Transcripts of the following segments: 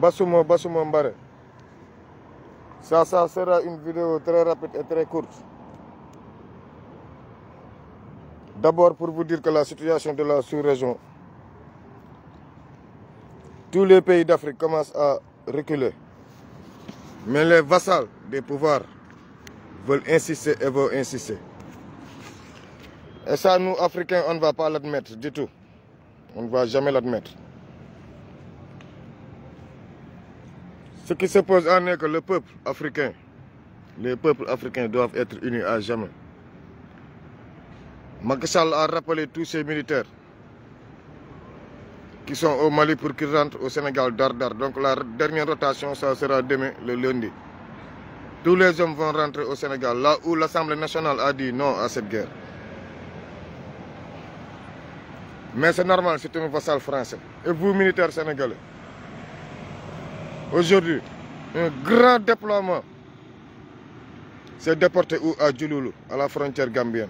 Basuma Basuma Mbare. Ça, ça sera une vidéo très rapide et très courte. D'abord pour vous dire que la situation de la sous-région, tous les pays d'Afrique commencent à reculer. Mais les vassals des pouvoirs veulent insister et veulent insister. Et ça, nous, Africains, on ne va pas l'admettre du tout. On va jamais l'admettre. Ce qui se pose en est que le peuple africain, les peuples africains doivent être unis à jamais. Macky Sall a rappelé tous ses militaires qui sont au Mali pour qui rentrent au Sénégal dardar. Donc la dernière rotation, ça sera demain, le lundi. Tous les hommes vont rentrer au Sénégal, là où l'Assemblée nationale a dit non à cette guerre. Mais c'est normal, c'est un vassal français. Et vous, militaire sénégalais aujourd'hui un grand déploiement s'est déporté où à Djouloulou, à la frontière gambienne.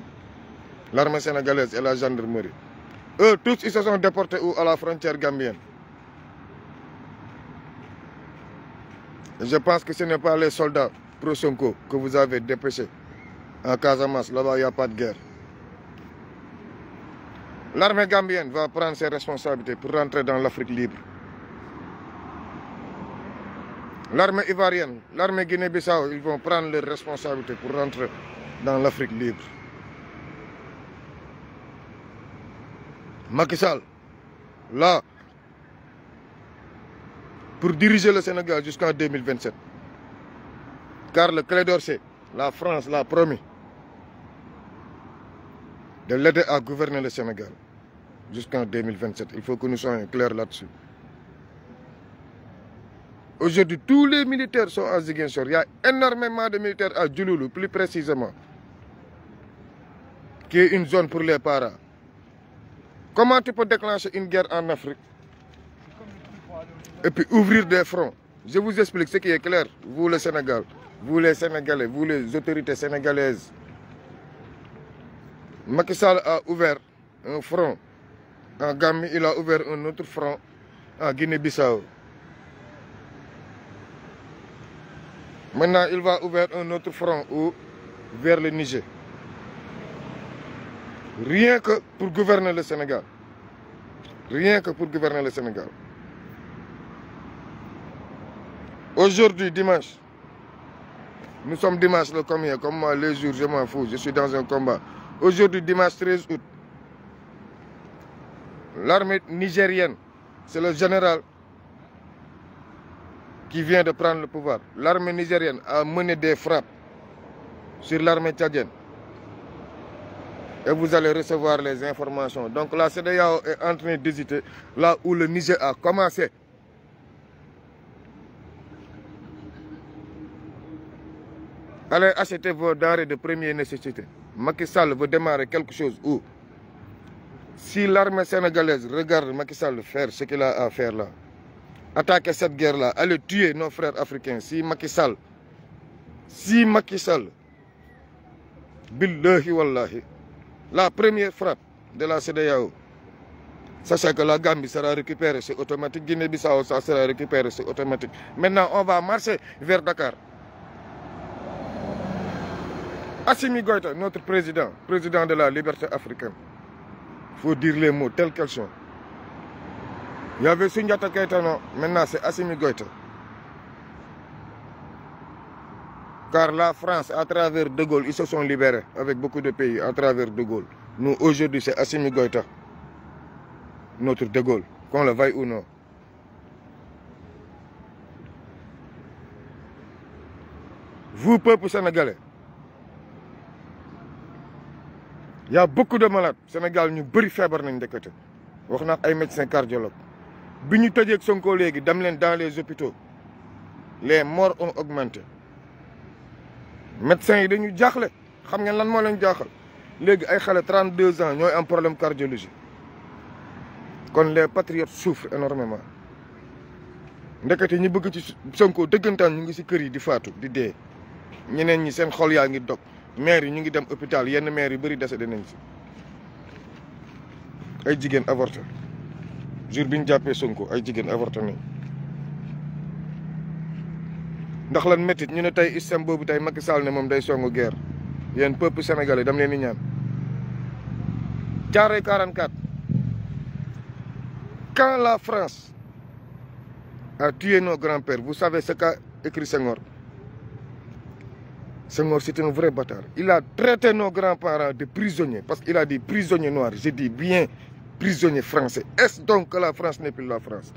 L'armée sénégalaise et la gendarmerie. Eux, tous, ils se sont déportés où à la frontière gambienne. Et je pense que ce n'est pas les soldats pro-Sonko que vous avez dépêchés en Casamance. Là-bas, il n'y a pas de guerre. L'armée gambienne va prendre ses responsabilités pour rentrer dans l'Afrique libre. L'armée ivoirienne, l'armée Guinée-Bissau, ils vont prendre leurs responsabilités pour dans l'Afrique libre. Macky Sall, là, pour diriger le Sénégal jusqu'en 2027. Car le clé d'Orsay, la France l'a promis de l'aider à gouverner le Sénégal jusqu'en 2027. Il faut que nous soyons Aujourd'hui, tous les militaires sont à Ziguinchor. Il y a énormément de militaires à Djouloulou, plus précisément, qui est une zone pour les paras. Comment tu peux déclencher une guerre en Afrique et puis ouvrir des fronts Je vous explique ce qui est clair, vous le Sénégal, vous les autorités sénégalaises. Macky a ouvert un front. En Gambie, il a ouvert un autre front en Guinée-Bissau. Maintenant, il va ouvrir un autre front où, vers le Niger. Rien que pour gouverner le Sénégal. Rien que pour gouverner le Sénégal. Aujourd'hui, dimanche, nous sommes dimanche le combien Comme moi, les jours, je m'en fous. Je suis dans un combat. Aujourd'hui, dimanche 13 août, l'armée nigérienne, c'est le général qui vient de prendre le pouvoir. L'armée nigérienne à mené des frappes sur l'armée tchadienne. Et vous allez recevoir les informations. Donc la CDAO est en train d'hésiter là où le Niger a commencé. Allez acheter vos denrées de première nécessité. Macky Sall veut démarrer quelque chose où si l'armée sénégalaise regarde Macky Sall faire ce qu'il a à faire là, attaquer cette guerre-là, aller tuer nos frères africains, si Macky Sall, si Macky Sall, la première frappe de la CDAO, sachez que la Gambie sera récupérée, c'est automatique, Guinée-Bissau, ça sera récupéré, c'est automatique. Maintenant, on va marcher vers Dakar. Assimi Goïta, notre président, président de la liberté africaine, il faut dire les mots tels qu'ils Il y avait Sundiata Keitano, maintenant c'est Assimi la France, à travers De Gaulle, ils se sont libérés avec beaucoup de pays à travers De Gaulle. Nous, aujourd'hui, c'est Assimi Goïta, notre De Gaulle, qu'on le veuille ou non. Vous, peuple sénégalais, il y a beaucoup de malades. Sénégal, nous sommes très faibles. Nous sommes des médecins cardiologues. bi ñu tëjeeg Sonko léegi dem leen dans les hôpitaux les morts ont augmenté médecins yi dañu jaaxle xam nga lan moo leen jaaxal léegi ay xale trent 32 ans ñooy am problème cardiologie kon les patriotes souffrent énormément ndekete ñi bëgg ci Sonko dëggantaan ñu ngi si kër yi di faatu di dee ñeneen ñi seen xol yaa ngi dog maire yi ñu ngi dem hôpital yenn maire yu bëri dese dinañ si ay jigéen avorté jour bi ñu jàppee Sonko ay jigéen avorté nañ ndax lan métit ñu ne tey système boobu tey Macky Sall ne moom day songu guerre yéen peuple sénégalais dam leen di ñaan jaaree 44 quand la France a tué noo grands-pères vous savez ce qu'a écrit Senghor Senghor c'est un vrai bâtard il a traité nos grands-parents de prisonniers parce qu'il a dit prisonniers noirs je bien prisonniers français. Est-ce donc que la France n'est plus la France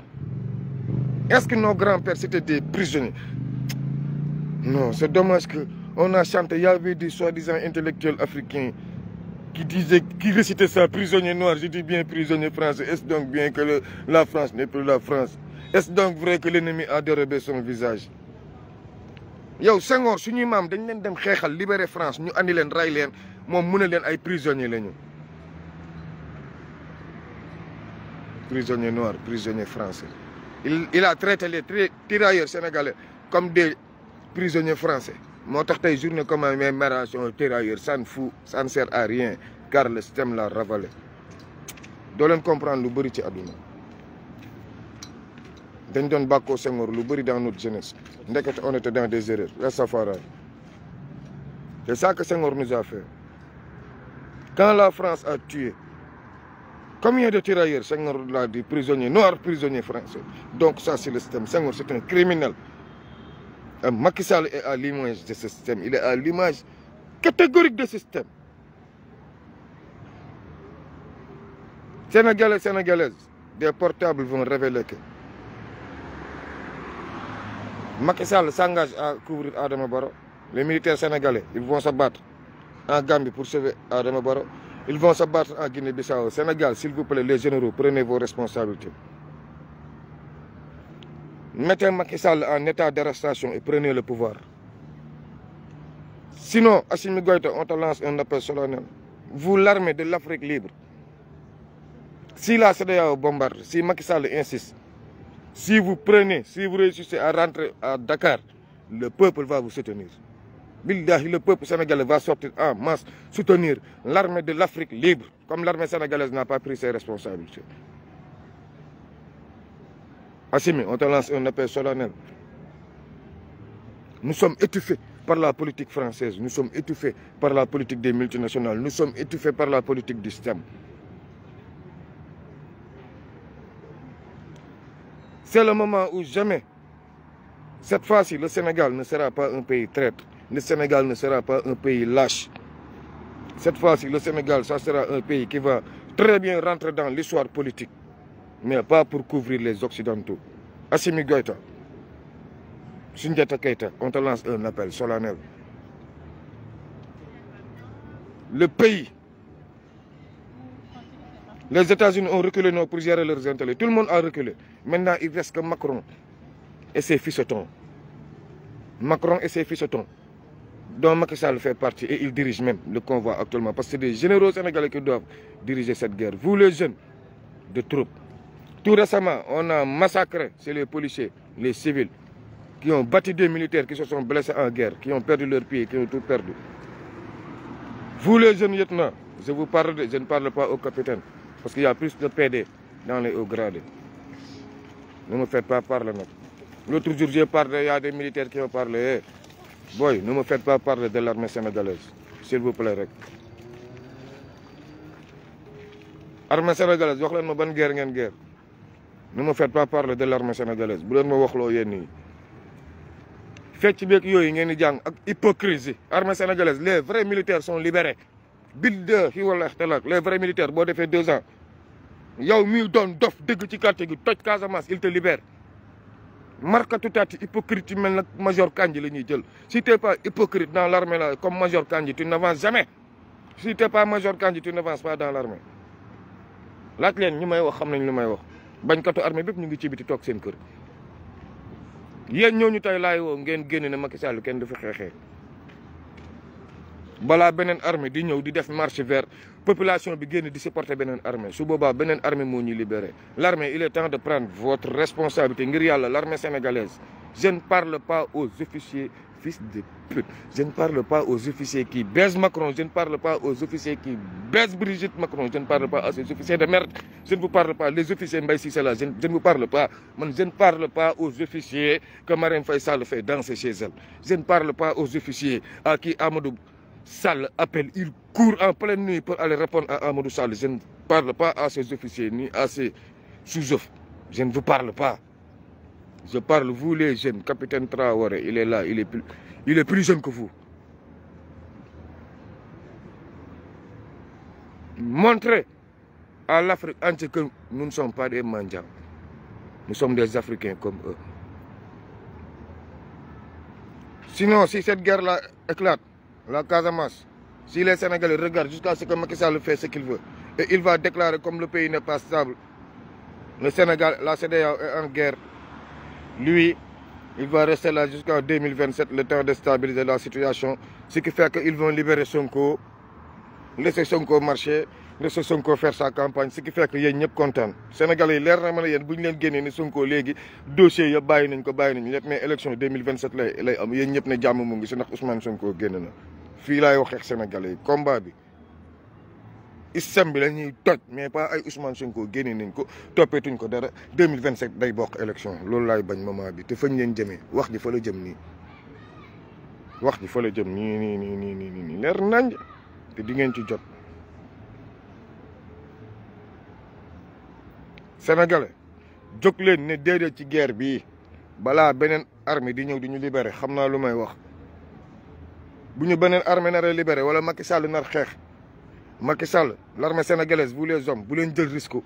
Est-ce que nos grands-pères c'était des prisonniers Non, c'est dommage que on a chanté, il y avait des soi-disant intellectuels africains qui disait, qui récitait ça, prisonnier noir, je dis bien prisonnier français. Est-ce donc bien que le, la France n'est plus la France Est-ce donc vrai que l'ennemi a dérobé son visage yow Senghor suñuy maam dañ leen dem xeexal libérer France ñu andi leen rey leen moom mu ne leen ay prisonniers lañu prisonniers noirs, prisonniers français. Il, il a traité les tirailleurs sénégalais comme des prisonniers français. moo tax tey journée commémoration tirailleurs ça ne fout ça ne sert à rien car le système l'a ravalé doo leen comprendre lu bëri ci àdduna dañ doon bàkkoo Senghor lu bëri dans notre jeunesse ndekete on était dans des erreurs la safaraay c'est ça que Senghor nous a fait quand la France a tué Combien de tirailleurs Senghor l'a dit, prisonniers noirs, prisonniers français. Donc ça, c'est le système. Senghor, c'est un criminel. Euh, Macky Sall est à l'image de ce système. Il est à l'image catégorique de ce système. Sénégalais, des portables vont révéler que Macky s'engage à couvrir Adama Barrow. Les militaires sénégalais, ils vont se battre en Gambie pour sauver Adama Barrow. Ils vont se battre en Guinée-Bissau. Sénégal, s'il vous plaît, les généraux, prenez vos responsabilités. Mettez Macky Sall en état d'arrestation et prenez le pouvoir. Sinon, Assimi Goïta, on te lance un appel solennel. Vous, l'armée de l'Afrique libre, si la CDAO bombarde, si Macky Sall insiste, si vous prenez, si vous réussissez à rentrer à Dakar, le peuple va vous soutenir. Billahi, le peuple sénégalais va sortir en masse soutenir l'armée de l'Afrique libre, comme l'armée sénégalaise n'a pas pris ses responsabilités. Assimi, on te lance un appel solennel. Nous sommes étouffés par la politique française, nous sommes étouffés par la politique des multinationales, nous sommes étouffés par la politique du système. C'est le moment où jamais, cette fois-ci, le Sénégal ne sera pas un pays traître. le Sénégal ne sera pas un pays lâche. Cette fois-ci, le Sénégal, ça sera un pays qui va très bien rentrer dans l'histoire politique, mais pas pour couvrir les Occidentaux. Assimi Goïta, Sundiata Keita, on te lance un appel solennel. Le pays, les États-Unis ont reculé non, pour gérer leurs intérêts. Tout le monde a reculé. Maintenant, il reste que Macron et ses fils Macron et dont Macky Sall fait partie et il dirige même le convoi actuellement parce que c'est des généraux sénégalais qui doivent diriger cette guerre. Vous les jeunes de troupes, tout récemment on a massacré, c'est les policiers, les civils qui ont battu deux militaires qui se sont blessés en guerre, qui ont perdu leurs pieds, qui ont tout perdu. Vous les jeunes lieutenants, je vous parle, de, je ne parle pas au capitaine parce qu'il y a plus de PD dans les hauts gradés. Ne me faites pas a des militaires Boy, ne me faites pas parler de l'armée sénégalaise, s'il vous plaît rek. armée wax leen ma ban guerre ngeen guerre ne me faites pas parler de l'armée sénégalaise bu leen ma waxloo yéen nii fecc beeg yooyu ngeen di jàng ak hypocrisie armée sénégalaise les vrais militaires son libere bidde xii wala xtalaak les vrais militaires boo defee deux ans yow mi doon dof dëgg ci carte gi toj Casamance il te libère markatu taati hypocrite yi mel nag major Kandji la ñuy jël ci t'es pas hypocrite dans l'armée là comme major Kandji tu n'avances jamais si t'es pas major Kandji tu n'avances pas dans l'armée laaj leen ñu may wax xam nañ lu may wax bañkatu armée bépp ñu ngi ci biti toog seen kër yéen ñooñu tey laay woo ngeen génn ne Macky Sall kenn du fi xeexee balaa beneen armée di ñëw di def marche vers population bi génn di supporter beneen armée su boobaa beneen armée moo ñu libéré l' armée il est temps de prendre votre responsabilité ngir yàlla l' armée sénégalaise je ne parle pas aux officiers fils de pute je ne parle pas aux officiers qui baisent Macron je ne parle pas aux officiers qui baisent Brigitte Macron je ne parle pas à ces officiers de merde je ne vous parle pas les officiers Mbaye Cissé là je ne vous parle pas aux officiers que qui Amadou Sall appelle, il court en pleine nuit pour aller répondre à Amadou Sall. Je ne parle pas à ses officiers ni à ses sous-offres. Je ne vous parle pas. Je parle, vous les jeunes, capitaine Traoré, il est là, il est plus, il est plus jeune que vous. Montrez à l'Afrique entière que nous ne sommes pas des mendiants. Nous sommes des Africains comme eux. Sinon, si cette guerre-là éclate, la Casamance, si les Sénégalais regardent jusqu'à ce que Macky Sall fait ce qu'il veut, et il va déclarer comme le pays n'est pas stable, le Sénégal, la CDAO est en guerre, lui, il va rester là jusqu'en 2027, le temps de stabiliser la situation, ce qui fait qu'ils vont libérer Sonko, laisser Sonko marcher, laisser Sonko faire sa campagne, ce qui fait que yéen ñëpp kontaan Sénégalais yi leer ne yéen bu ñu leen génnee ne Sonko léegi dossier yëpp bàyyi nañ ko bàyyi nañ fii laay waxee ak sénégalais yi combat bi système bi la ñuy toj mais pas ay Ousmane Sonko génne nañ ko toppeetuñ ko dara deux mille vingt sept day bokk élection loolu laay bañ moment bi te fañ leen jëmee wax ji fa la jëm nii wax ji fa la jëm nii nii nii nii nii nii leer nañ te di ngeen ci jot sénégalais jóg leen ne déedéet ci guerre bi balaa beneen armée di ñëw di ñu libéré xam naa lu may wax. bu ñu beneen armée nar a libéré wala Macky Sall nar xeex Macky Sall l'armée sénégalaise vous les hommes bu leen jël risque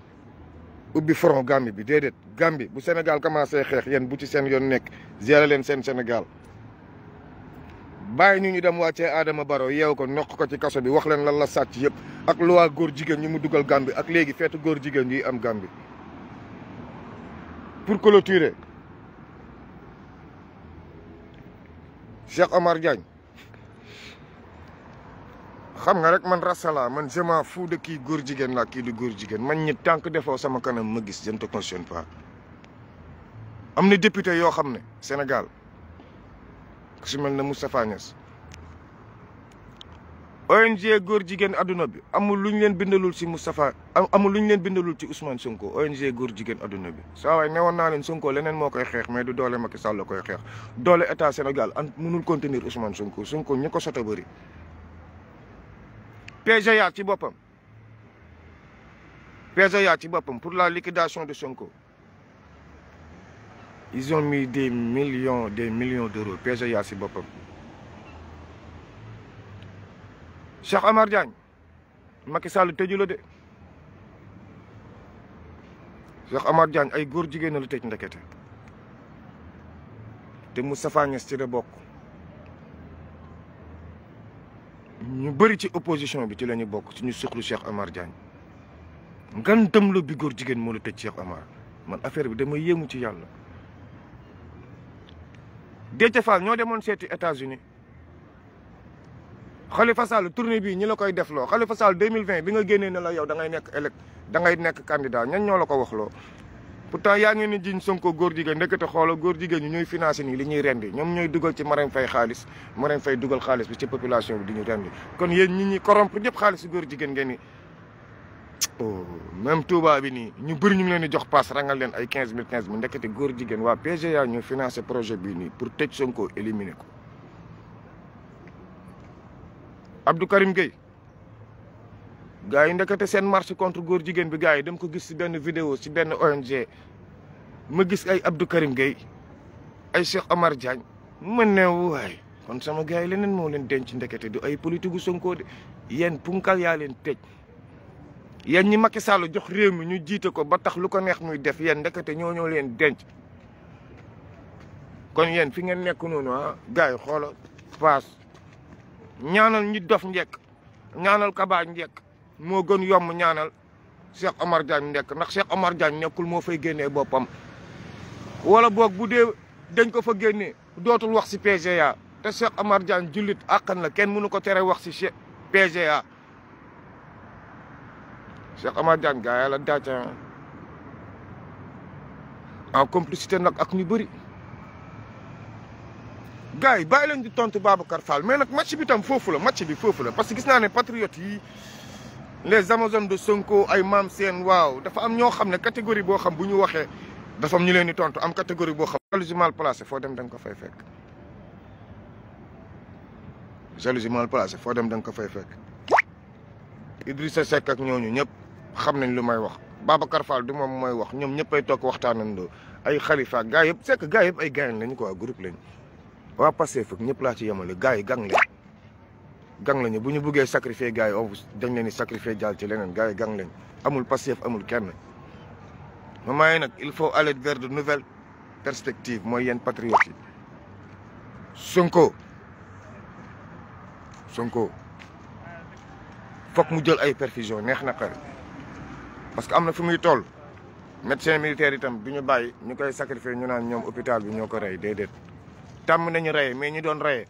ubbi front Gambie bi déedéet Gambie bu Sénégal commencé xeex yéen bu ci seen yoon nekk ziare leen seen Sénégal bàyyi ñu ñu dem wàccee Adama baro yeew ko nokk ko ci kaso bi wax leen lan la sàcc yëpp ak loi góor jigéen ñu mu dugal Gambie ak léegi feetu góor jigéen yi am Gambie pour clôturer Cheikh Omar Diagne xam nga rek man rasala man je m'en fous de kii góor jigéen laa kii du góor jigéen mañ ñi tànk defoo sama kanam ma gis je ne te cautionne pas am na député yoo xam ne Sénégal ku si mel ne Moustapha Niass ONG góor jigéen adduna bi amul lu ñu leen bindalul si Moustapha amul lu ñu leen bindalul ci Ousmane Sonko ONG góor jigéen adduna bi saa waay newoon naa leen Sonko leneen moo koy xeex mais du doole Macky Sall la koy xeex doole état Sénégal an mënul contenir Ousmane Sonko Sonko ñi ko soto bëri PGA ci boppam PGA ci boppam pour la liquidation de Sonko ils ont mis des millions des millions d'euros PGA ci boppam Cheikh Amar Diagne Macky Sall tëju la de Cheikh Amar Diagne ay góor jigéen la tëj ndekete te Moustapha Niass ci la bokk ñu bëri ci opposition bi ci la ñu bokk suñu suqlu Cheikh Amar Diagne ngan dem bi góor jigéen moo la tëj Cheikh Amar man affaire bi dama yéemu ci yàlla. Déthié Fall ñoo demoon seeti états uni Khalifa Sall tournée bi ñu la koy defloo Khalifa Sall 2020 bi nga génnee ne la yow dangay ngay nekk élect da ngay nekk candidat ñan ñoo la ko waxloo pourtant yaa ngi ni jiñ Sonko góor jigéen ndekete xoola góor jigéen ñi ñooy financé nii li ñuy rendi ñoom ñooy dugal ci Marème fay xaalis Marème Faye dugal xaalis bi ci population bi di ñu rendi kon yéen ñi ñi corrompre ñëpp xaalis góor jigéen ngeen ni oh même Touba bi nii ñu bëri ñu ngi leen di jox paas rangal leen ay quinze mille quinze mille ndekete góor jigéen waa PGA ñu financé projet bi nii pour tëj Sonko éliminer ko Abdou Karim Gueye gars yi ndekete seen marche contre góor jigéen bi gars yi dama ko gis si benn vidéo si benn ONG ma gis ay abdu Karim Gueye ay Cheikh Omar Diagne ma ne waay kon sama gars yi leneen moo leen denc ndekete du ay politique gu Sonko de yéen punkal yaa leen tëj yéen ñi Macky Sall jox réew mi ñu jiite ko ba tax lu ko neex muy def yéen ndekete ñoo ñoo leen denc kon yéen fi ngeen nekk noonu ah gars yi xoola paas ñaanal ñi dof njekk ñaanal kabaa njekk moo gën yomb ñaanal Cheikh Omar Diagne ndekk ndax Cheikh Omar Diagne nekkul moo fay génnee boppam. wala boog bu dee dañ ko fa génne dootul wax si PGA te Cheikh Omar Diagne jullit àqan la kenn mënu ko tere wax si PGA. Cheikh Omar Diagne gaa yàlla daaj en complicité nag ak ñu bëri gars baa bàyyi leen di tontu Babacar Fall mais nag match bi tam foofu la match bi foofu la parce que gis naa ne yi. les amazones de Sonko ay maam seen waaw dafa am ñoo xam ne catégorie boo xam bu ñu waxee dafa am ñu leen di tontu am catégorie boo xam jalousie mal placée foo dem da nga ko fay fekk jalousie mal placée foo dem danga ko fay fekk Idrissa Seck ak ñooñu ñëpp xam nañ lu may wax Babacar Fall du moom mooy wax ñoom ñëpp ay toog waxtaanandoo ay Khalifa ak yëpp sekk gars yëpp ay gars lañ quoi groupe lañ waa Pastef ak ñëpp laa ci yemale gars yi gang lañ gang lañu bu ñu buggee sacrifier gars yi on dañ leen di sacrifier jaal ci leneen gars yi gang lañ amul Pastef amul kenn. ma yi nag il faut aller vers de nouvelles perspectives mooy yenn patriotes yi Sonko Sonko foog mu jël ay perfusion neex na xar parce que am na fu muy toll médecin militaire itam bi ñu bàyyi ñu koy sacrifier ñu naan ñoom hôpital bi ñoo ko rey déedéet tàmm nañu reye mais ñi doon reye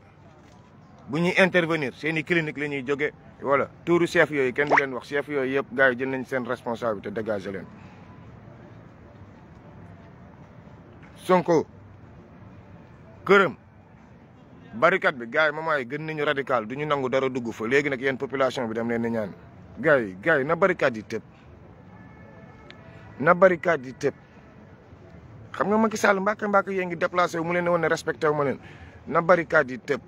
bu ñuy intervenir seen i clinique la ñuy jóge wala tuuru chef yooyu kenn du leen wax chef yooyu yëpp gars yi jël nañ seen responsabilité dégagé leen Sonko këram barricade bi gars yi moment yi gën nañu radical du ñu nangu dara dugg fa léegi nag yéen population bi dem leen ni ñaan gars yi gars yi na barricade yi tëb na barricade yi tëb xam nga Macky Sall mbàkk mbàkk yee ngi déplacé wu mu leen ne woon ne respecté wu ma leen na barricade yi tëb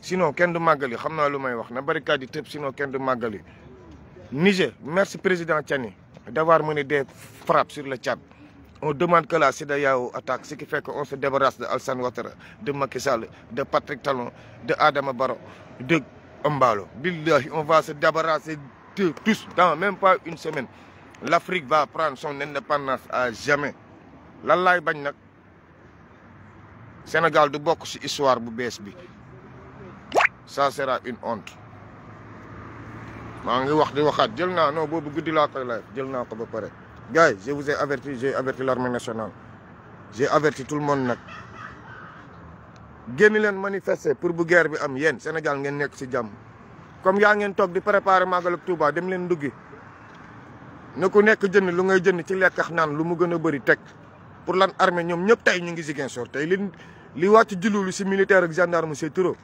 sinon kenn du màggali xam naa lu may wax na barricade yi tëb sinon kenn du màggali Niger merci président Tiani d'avoir mené des frappes sur le Tchad on demande que la CEDEAO attaque ce qui fait qu'on se débarrasse de Alassane Ouattara de Macky de Patrick Talon de Adama Barrow de Mbalo billahi on va se débarrasser de tous dans même pas une semaine l'Afrique va prendre son indépendance à jamais lan laay bañ nag Sénégal du bokk ci histoire bu bees bi ça sera une honte maa ngi wax di waxaat jël naa non boobu guddi laa koy live jël naa ko ba pare gars yi je vous ai averti j'ai averti l'armée nationale j'ai averti tout le monde nag génn leen manifester pour bu geer bi am yéen Sénégal ngeen nekk si jàmm comme yaa ngeen toog di préparer Magal ak Touba dem leen nduggi ne ku nekk jënd lu ngay jënd ci lekkax naan lu mu gën a bëri teg pour lan armée ñoom ñëpp tey ñu ngi Ziguinchor tey li li wàcc jululu ci militaire ak gendarme c'est trop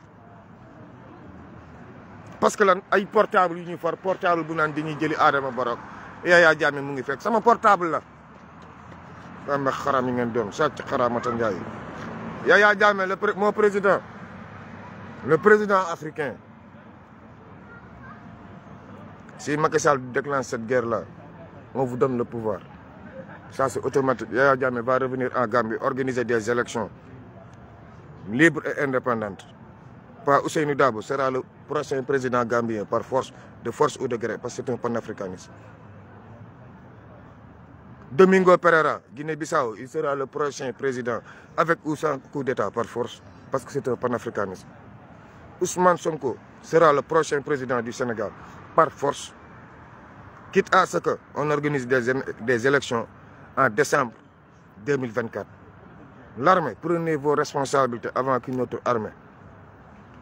parce que lan ay portable yu ñuy for portable bu naan dañuy jëli Adama Barrow Yaya Jammeh mu ngi fekk sama portable la am na xaram yi ngeen doon sàcc xaramata Ndiaye Yaya Jammeh le moo président le président africain si Macky Sall déclenche cette guerre là on vous donne le pouvoir ça c'est automatique Yaya Jammeh va revenir en Gambie organiser des élections libre et indépendantes pas Ousseynou Dabo sera le prochain président gambien par force, de force ou de gré, parce que c'est un panafricaniste. Domingo Pereira, Guinée-Bissau, il sera le prochain président avec ou sans coup d'État par force, parce que c'est un panafricaniste. Ousmane Sonko sera le prochain président du Sénégal par force, quitte à ce qu'on organise des, des élections en décembre 2024. L'armée, prenez vos responsabilités avant qu'une autre armée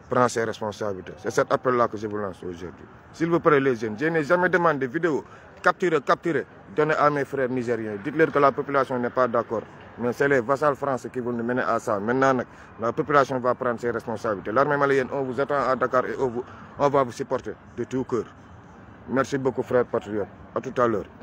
prend ses responsabilités. C'est cet appel-là que je vous lance aujourd'hui. S'il vous plaît, les jeunes, jamais demandé vidéo. Capturez, capturez, donnez à mes frères nigériens. Dites-leur que la population n'est pas d'accord. Mais c'est les vassals français qui vont nous mener à ça. la population va prendre ses responsabilités. L'armée malienne, on vous attend à Dakar et on, vous, vous supporter de tout cœur. Merci beaucoup, frères patriotes. À tout à l'heure.